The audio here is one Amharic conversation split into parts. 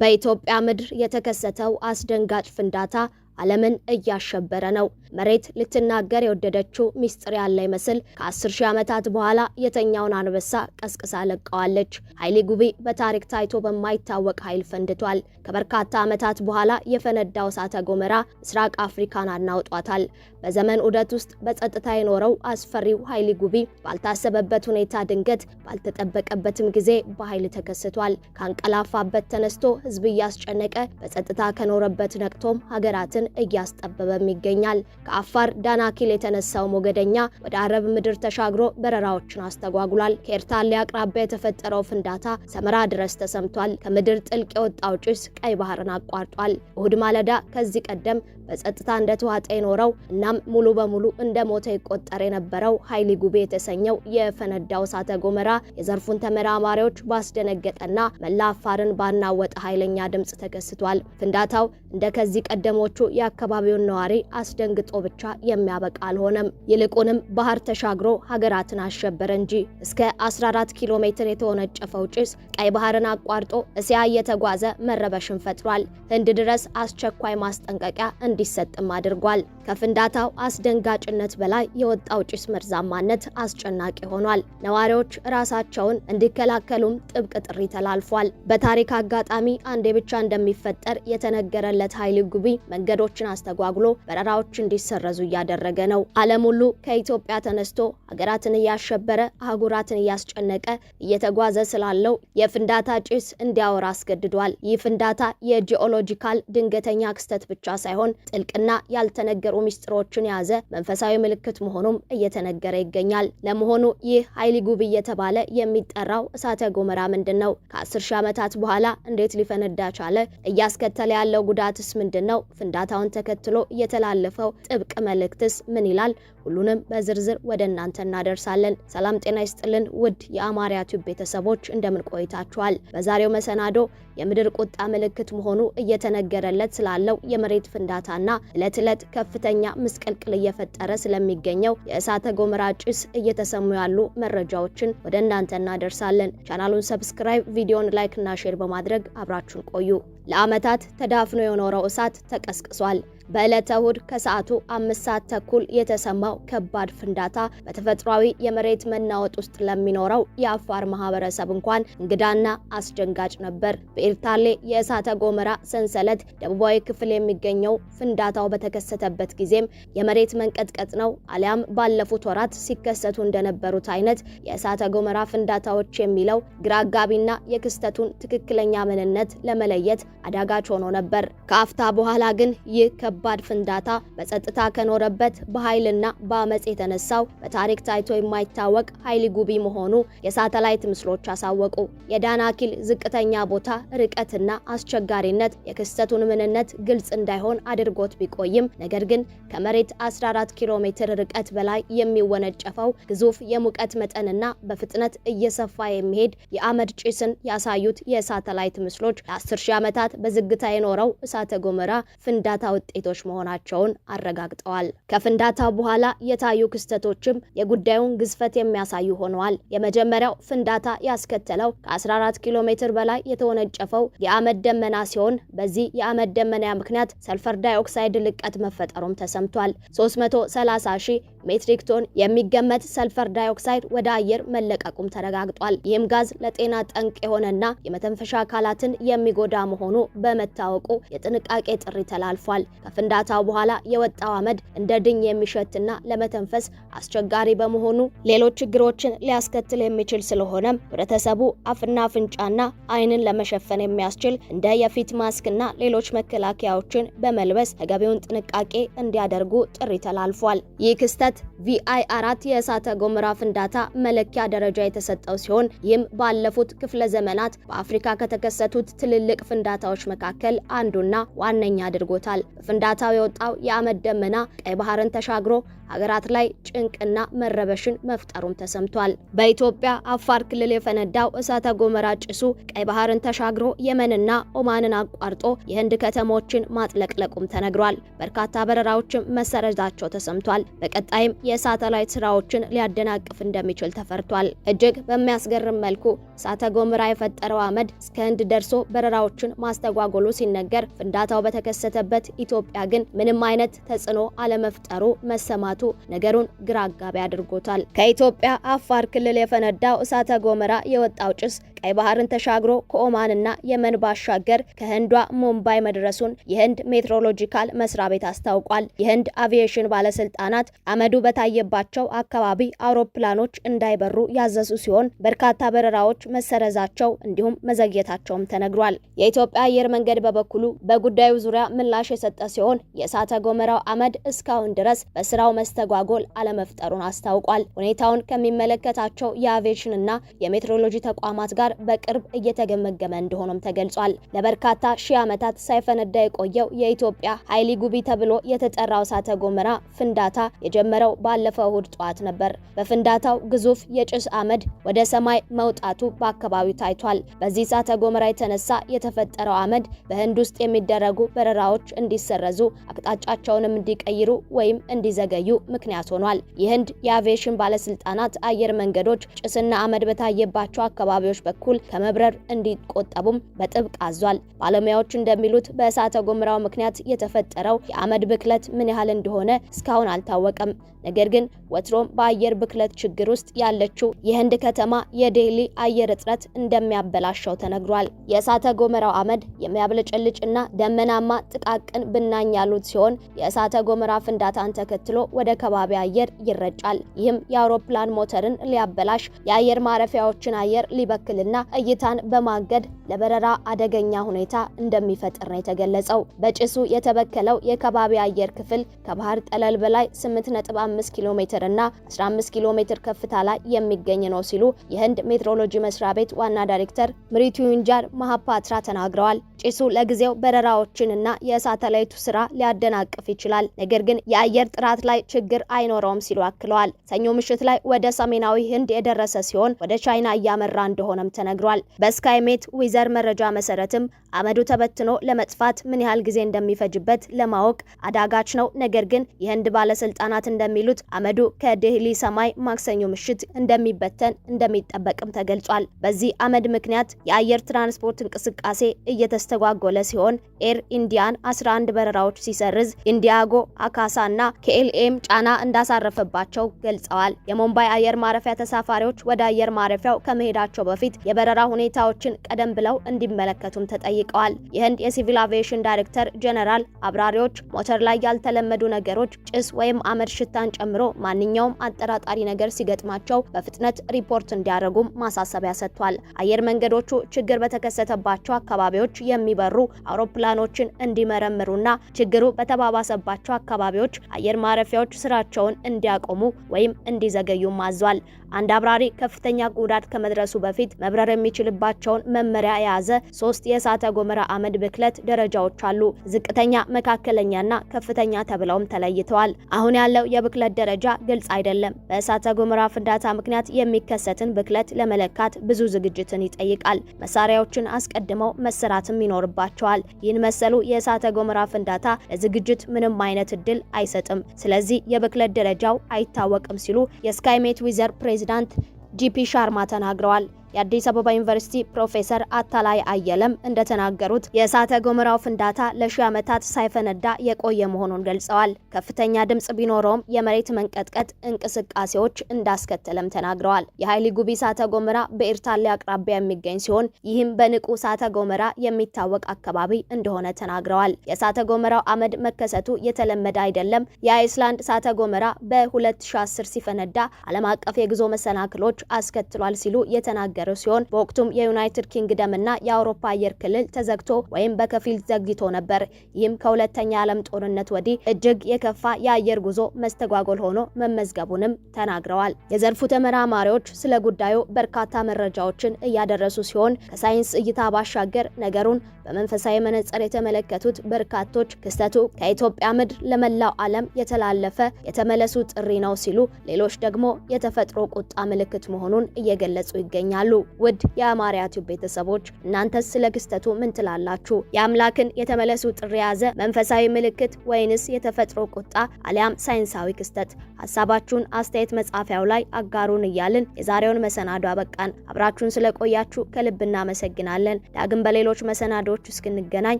በኢትዮጵያ ምድር የተከሰተው አስደንጋጭ ፍንዳታ ዓለምን እያሸበረ ነው። መሬት ልትናገር የወደደችው ሚስጥር ያለ ይመስል ከ10 ሺህ ዓመታት በኋላ የተኛውን አንበሳ ቀስቅሳ ለቀዋለች። ኃይሌ ጉቢ በታሪክ ታይቶ በማይታወቅ ኃይል ፈንድቷል። ከበርካታ ዓመታት በኋላ የፈነዳው እሳተ ገሞራ ምስራቅ አፍሪካን አናውጧታል። በዘመን ዑደት ውስጥ በጸጥታ የኖረው አስፈሪው ኃይሌ ጉቢ ባልታሰበበት ሁኔታ ድንገት፣ ባልተጠበቀበትም ጊዜ በኃይል ተከስቷል። ካንቀላፋበት ተነስቶ ህዝብ እያስጨነቀ በጸጥታ ከኖረበት ነቅቶም ሀገራትን ሀገሪቱን እያስጠበበም ይገኛል። ከአፋር ዳናኪል የተነሳው ሞገደኛ ወደ አረብ ምድር ተሻግሮ በረራዎችን አስተጓጉሏል። ከኤርታሌ አቅራቢያ የተፈጠረው ፍንዳታ ሰመራ ድረስ ተሰምቷል። ከምድር ጥልቅ የወጣው ጭስ ቀይ ባህርን አቋርጧል። እሁድ ማለዳ ከዚህ ቀደም በጸጥታ እንደተዋጠ የኖረው እናም ሙሉ በሙሉ እንደ ሞተ ይቆጠር የነበረው ኃይሊ ጉቤ የተሰኘው የፈነዳው እሳተ ጎመራ የዘርፉን ተመራማሪዎች ባስደነገጠና መላ አፋርን ባናወጠ ኃይለኛ ድምፅ ተከስቷል። ፍንዳታው እንደ ከዚህ ቀደሞቹ የአካባቢውን ነዋሪ አስደንግጦ ብቻ የሚያበቃ አልሆነም። ይልቁንም ባህር ተሻግሮ ሀገራትን አሸበረ እንጂ እስከ 14 ኪሎ ሜትር የተወነጨፈው ጭስ ቀይ ባህርን አቋርጦ እስያ እየተጓዘ መረበሽን ፈጥሯል። ህንድ ድረስ አስቸኳይ ማስጠንቀቂያ እንዲሰጥም አድርጓል። ከፍንዳታው አስደንጋጭነት በላይ የወጣው ጭስ መርዛማነት አስጨናቂ ሆኗል። ነዋሪዎች ራሳቸውን እንዲከላከሉም ጥብቅ ጥሪ ተላልፏል። በታሪክ አጋጣሚ አንዴ ብቻ እንደሚፈጠር የተነገረለት ኃይል ጉቢ መንገዶችን አስተጓጉሎ በረራዎች እንዲሰረዙ እያደረገ ነው። ዓለም ሁሉ ከኢትዮጵያ ተነስቶ ሀገራትን እያሸበረ አህጉራትን እያስጨነቀ እየተጓዘ ስላለው የፍንዳታ ጭስ እንዲያወራ አስገድዷል። ይህ ፍንዳታ የጂኦሎጂካል ድንገተኛ ክስተት ብቻ ሳይሆን ጥልቅና ያልተነገሩ ምስጢሮችን የያዘ መንፈሳዊ ምልክት መሆኑም እየተነገረ ይገኛል። ለመሆኑ ይህ ሀይሊ ጉብ እየተባለ የሚጠራው እሳተ ገሞራ ምንድን ነው? 10 ሺህ ዓመታት በኋላ እንዴት ሊፈነዳ ቻለ? እያስከተለ ያለው ጉዳትስ ምንድን ነው? ፍንዳታውን ተከትሎ የተላለፈው ጥብቅ መልእክትስ ምን ይላል? ሁሉንም በዝርዝር ወደ እናንተ እናደርሳለን። ሰላም ጤና ይስጥልን ውድ የአማርያ ቲዩብ ቤተሰቦች እንደምን ቆይታችኋል? በዛሬው መሰናዶ የምድር ቁጣ ምልክት መሆኑ እየተነገረለት ስላለው የመሬት ፍንዳታ እሳትና እለት እለት ከፍተኛ ምስቅልቅል እየፈጠረ ስለሚገኘው የእሳተ ገሞራ ጭስ እየተሰሙ ያሉ መረጃዎችን ወደ እናንተ እናደርሳለን። ቻናሉን ሰብስክራይብ፣ ቪዲዮን ላይክ እና ሼር በማድረግ አብራችሁን ቆዩ። ለዓመታት ተዳፍኖ የኖረው እሳት ተቀስቅሷል። በዕለተ እሁድ ከሰዓቱ አምስት ሰዓት ተኩል የተሰማው ከባድ ፍንዳታ በተፈጥሯዊ የመሬት መናወጥ ውስጥ ለሚኖረው የአፋር ማህበረሰብ እንኳን እንግዳና አስደንጋጭ ነበር። በኤርታሌ የእሳተ ገሞራ ሰንሰለት ደቡባዊ ክፍል የሚገኘው ፍንዳታው በተከሰተበት ጊዜም የመሬት መንቀጥቀጥ ነው አሊያም ባለፉት ወራት ሲከሰቱ እንደነበሩት አይነት የእሳተ ገሞራ ፍንዳታዎች የሚለው ግራ አጋቢና የክስተቱን ትክክለኛ ምንነት ለመለየት አዳጋች ሆኖ ነበር። ከአፍታ በኋላ ግን ይህ ከባድ ፍንዳታ በጸጥታ ከኖረበት በኃይልና በአመፅ የተነሳው በታሪክ ታይቶ የማይታወቅ ኃይሊ ጉቢ መሆኑ የሳተላይት ምስሎች አሳወቁ። የዳናኪል ዝቅተኛ ቦታ ርቀትና አስቸጋሪነት የክስተቱን ምንነት ግልጽ እንዳይሆን አድርጎት ቢቆይም ነገር ግን ከመሬት 14 ኪሎ ሜትር ርቀት በላይ የሚወነጨፈው ግዙፍ የሙቀት መጠንና በፍጥነት እየሰፋ የሚሄድ የአመድ ጭስን ያሳዩት የሳተላይት ምስሎች ለ10 ሺህ ዓመታት በዝግታ የኖረው እሳተ ገሞራ ፍንዳታ ውጤቶች መሆናቸውን አረጋግጠዋል። ከፍንዳታ በኋላ የታዩ ክስተቶችም የጉዳዩን ግዝፈት የሚያሳዩ ሆነዋል። የመጀመሪያው ፍንዳታ ያስከተለው ከ14 ኪሎ ሜትር በላይ የተወነጨፈው የአመድ ደመና ሲሆን በዚህ የአመድ ደመና ምክንያት ሰልፈር ዳይኦክሳይድ ልቀት መፈጠሩም ተሰምቷል። 330 ሺህ ሜትሪክ ቶን የሚገመት ሰልፈር ዳይኦክሳይድ ወደ አየር መለቀቁም ተረጋግጧል። ይህም ጋዝ ለጤና ጠንቅ የሆነና የመተንፈሻ አካላትን የሚጎዳ መሆኑ መሆኑ በመታወቁ የጥንቃቄ ጥሪ ተላልፏል። ከፍንዳታው በኋላ የወጣው አመድ እንደ ድኝ የሚሸትና ለመተንፈስ አስቸጋሪ በመሆኑ ሌሎች ችግሮችን ሊያስከትል የሚችል ስለሆነም ህብረተሰቡ አፍና አፍንጫና አይንን ለመሸፈን የሚያስችል እንደ የፊት ማስክና ሌሎች መከላከያዎችን በመልበስ ተገቢውን ጥንቃቄ እንዲያደርጉ ጥሪ ተላልፏል። ይህ ክስተት ቪአይ አራት የእሳተ ገሞራ ፍንዳታ መለኪያ ደረጃ የተሰጠው ሲሆን ይህም ባለፉት ክፍለ ዘመናት በአፍሪካ ከተከሰቱት ትልልቅ ፍንዳታዎች መካከል አንዱና ዋነኛ አድርጎታል። ፍንዳታው የወጣው የአመድ ደመና ቀይ ባህርን ተሻግሮ ሀገራት ላይ ጭንቅና መረበሽን መፍጠሩም ተሰምቷል። በኢትዮጵያ አፋር ክልል የፈነዳው እሳተ ጎመራ ጭሱ ቀይ ባህርን ተሻግሮ የመንና ኦማንን አቋርጦ የህንድ ከተሞችን ማጥለቅለቁም ተነግሯል። በርካታ በረራዎችም መሰረዛቸው ተሰምቷል። በቀጣይም የሳተላይት ስራዎችን ሊያደናቅፍ እንደሚችል ተፈርቷል። እጅግ በሚያስገርም መልኩ እሳተ ጎመራ የፈጠረው አመድ እስከ ህንድ ደርሶ በረራዎችን ማስተጓጎሉ ሲነገር፣ ፍንዳታው በተከሰተበት ኢትዮጵያ ግን ምንም አይነት ተጽዕኖ አለመፍጠሩ መሰማ። መነሳቱ ነገሩን ግራ አጋቢ አድርጎታል። ከኢትዮጵያ አፋር ክልል የፈነዳው እሳተ ገሞራ የወጣው ጭስ ቀይ ባህርን ተሻግሮ ከኦማንና የመን ባሻገር ከህንዷ ሙምባይ መድረሱን የህንድ ሜትሮሎጂካል መስሪያ ቤት አስታውቋል። የህንድ አቪዬሽን ባለስልጣናት አመዱ በታየባቸው አካባቢ አውሮፕላኖች እንዳይበሩ ያዘዙ ሲሆን በርካታ በረራዎች መሰረዛቸው እንዲሁም መዘግየታቸውም ተነግሯል። የኢትዮጵያ አየር መንገድ በበኩሉ በጉዳዩ ዙሪያ ምላሽ የሰጠ ሲሆን የእሳተ ገሞራው አመድ እስካሁን ድረስ በስራው መ መስተጓጎል አለመፍጠሩን አስታውቋል። ሁኔታውን ከሚመለከታቸው የአቪዬሽንና የሜትሮሎጂ ተቋማት ጋር በቅርብ እየተገመገመ እንደሆነም ተገልጿል። ለበርካታ ሺህ ዓመታት ሳይፈነዳ የቆየው የኢትዮጵያ ኃይሊ ጉቢ ተብሎ የተጠራው እሳተ ገሞራ ፍንዳታ የጀመረው ባለፈው እሁድ ጠዋት ነበር። በፍንዳታው ግዙፍ የጭስ አመድ ወደ ሰማይ መውጣቱ በአካባቢው ታይቷል። በዚህ እሳተ ገሞራ የተነሳ የተፈጠረው አመድ በህንድ ውስጥ የሚደረጉ በረራዎች እንዲሰረዙ አቅጣጫቸውንም እንዲቀይሩ ወይም እንዲዘገዩ ምክንያት ሆኗል። የህንድ የአቪዬሽን ባለስልጣናት አየር መንገዶች ጭስና አመድ በታየባቸው አካባቢዎች በኩል ከመብረር እንዲቆጠቡም በጥብቅ አዟል። ባለሙያዎች እንደሚሉት በእሳተ ገሞራው ምክንያት የተፈጠረው የአመድ ብክለት ምን ያህል እንደሆነ እስካሁን አልታወቀም። ነገር ግን ወትሮም በአየር ብክለት ችግር ውስጥ ያለችው የህንድ ከተማ የዴሊ አየር እጥረት እንደሚያበላሸው ተነግሯል። የእሳተ ጎመራው አመድ የሚያብለጨልጭና ደመናማ ጥቃቅን ብናኝ ያሉት ሲሆን የእሳተ ገሞራ ፍንዳታን ተከትሎ ወደ ከባቢ አየር ይረጫል። ይህም የአውሮፕላን ሞተርን ሊያበላሽ፣ የአየር ማረፊያዎችን አየር ሊበክልና እይታን በማገድ ለበረራ አደገኛ ሁኔታ እንደሚፈጥር ነው የተገለጸው። በጭሱ የተበከለው የከባቢ አየር ክፍል ከባህር ጠለል በላይ 8.5 ኪሎ ሜትር እና 15 ኪሎ ሜትር ከፍታ ላይ የሚገኝ ነው ሲሉ የህንድ ሜትሮሎጂ መስሪያ ቤት ዋና ዳይሬክተር ምሪቱንጃር ማሃፓትራ ተናግረዋል። ጭሱ ለጊዜው በረራዎችንና የሳተላይቱ ስራ ሊያደናቅፍ ይችላል፣ ነገር ግን የአየር ጥራት ላይ ችግር አይኖረውም ሲሉ አክለዋል። ሰኞ ምሽት ላይ ወደ ሰሜናዊ ህንድ የደረሰ ሲሆን ወደ ቻይና እያመራ እንደሆነም ተነግሯል። በስካይሜት ዊዘር መረጃ መሰረትም አመዱ ተበትኖ ለመጥፋት ምን ያህል ጊዜ እንደሚፈጅበት ለማወቅ አዳጋች ነው። ነገር ግን የህንድ ባለስልጣናት እንደሚሉት አመዱ ከዴህሊ ሰማይ ማክሰኞ ምሽት እንደሚበተን እንደሚጠበቅም ተገልጿል። በዚህ አመድ ምክንያት የአየር ትራንስፖርት እንቅስቃሴ እየተስተጓጎለ ሲሆን ኤር ኢንዲያን 11 በረራዎች ሲሰርዝ ኢንዲያጎ አካሳ እና ከኤልኤም ጫና እንዳሳረፈባቸው ገልጸዋል። የሙምባይ አየር ማረፊያ ተሳፋሪዎች ወደ አየር ማረፊያው ከመሄዳቸው በፊት የበረራ ሁኔታዎችን ቀደም ብለው እንዲመለከቱም ተጠይቀዋል። የህንድ የሲቪል አቪዬሽን ዳይሬክተር ጄኔራል አብራሪዎች ሞተር ላይ ያልተለመዱ ነገሮች፣ ጭስ ወይም አመድ ሽታን ጨምሮ ማንኛውም አጠራጣሪ ነገር ሲገጥማቸው በፍጥነት ሪፖርት እንዲያደርጉም ማሳሰቢያ ሰጥቷል። አየር መንገዶቹ ችግር በተከሰተባቸው አካባቢዎች የሚበሩ አውሮፕላኖችን እንዲመረምሩና ችግሩ በተባባሰባቸው አካባቢዎች አየር ማረፊያዎች ስራቸውን እንዲያቆሙ ወይም እንዲዘገዩ አዟል። አንድ አብራሪ ከፍተኛ ጉዳት ከመድረሱ በፊት መብረር የሚችልባቸውን መመሪያ የያዘ ሶስት የእሳተ ገሞራ አመድ ብክለት ደረጃዎች አሉ። ዝቅተኛ፣ መካከለኛና ከፍተኛ ተብለውም ተለይተዋል። አሁን ያለው የብክለት ደረጃ ግልጽ አይደለም። በእሳተ ገሞራ ፍንዳታ ምክንያት የሚከሰትን ብክለት ለመለካት ብዙ ዝግጅትን ይጠይቃል። መሳሪያዎችን አስቀድመው መሰራትም ይኖርባቸዋል። ይህን መሰሉ የእሳተ ገሞራ ፍንዳታ ለዝግጅት ምንም አይነት እድል አይሰጥም። ስለዚህ የብክለት ደረጃው አይታወቅም ሲሉ የስካይሜት ዊዘር ፕሬ ፕሬዚዳንት ጂፒ ሻርማ ተናግረዋል። የአዲስ አበባ ዩኒቨርሲቲ ፕሮፌሰር አታላይ አየለም እንደተናገሩት የእሳተ ገሞራው ፍንዳታ ለሺህ ዓመታት ሳይፈነዳ የቆየ መሆኑን ገልጸዋል። ከፍተኛ ድምፅ ቢኖረውም የመሬት መንቀጥቀጥ እንቅስቃሴዎች እንዳስከተለም ተናግረዋል። የሀይሊ ጉቢ እሳተ ገሞራ በኤርታሌ አቅራቢያ የሚገኝ ሲሆን ይህም በንቁ እሳተ ገሞራ የሚታወቅ አካባቢ እንደሆነ ተናግረዋል። የእሳተ ገሞራው አመድ መከሰቱ የተለመደ አይደለም። የአይስላንድ እሳተ ገሞራ በ2010 ሲፈነዳ ዓለም አቀፍ የጉዞ መሰናክሎች አስከትሏል ሲሉ የተናገሩ የጀመረ ሲሆን በወቅቱም የዩናይትድ ኪንግደምና የአውሮፓ አየር ክልል ተዘግቶ ወይም በከፊል ዘግቶ ነበር። ይህም ከሁለተኛ ዓለም ጦርነት ወዲህ እጅግ የከፋ የአየር ጉዞ መስተጓጎል ሆኖ መመዝገቡንም ተናግረዋል። የዘርፉ ተመራማሪዎች ስለ ጉዳዩ በርካታ መረጃዎችን እያደረሱ ሲሆን ከሳይንስ እይታ ባሻገር ነገሩን በመንፈሳዊ መነጽር የተመለከቱት በርካቶች ክስተቱ ከኢትዮጵያ ምድር ለመላው ዓለም የተላለፈ የተመለሱ ጥሪ ነው ሲሉ፣ ሌሎች ደግሞ የተፈጥሮ ቁጣ ምልክት መሆኑን እየገለጹ ይገኛሉ። ውድ የአማርያቱ ቤተሰቦች እናንተስ ስለ ክስተቱ ምን ትላላችሁ? የአምላክን የተመለሱ ጥሪ የያዘ መንፈሳዊ ምልክት ወይንስ የተፈጥሮ ቁጣ አሊያም ሳይንሳዊ ክስተት? ሀሳባችሁን አስተያየት መጻፊያው ላይ አጋሩን እያልን የዛሬውን መሰናዶ አበቃን። አብራችሁን ስለቆያችሁ ከልብ እናመሰግናለን። ዳግም በሌሎች መሰናዶዎች እስክንገናኝ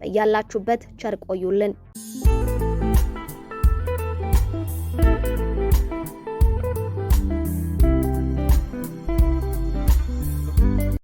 በያላችሁበት ቸር ቆዩልን።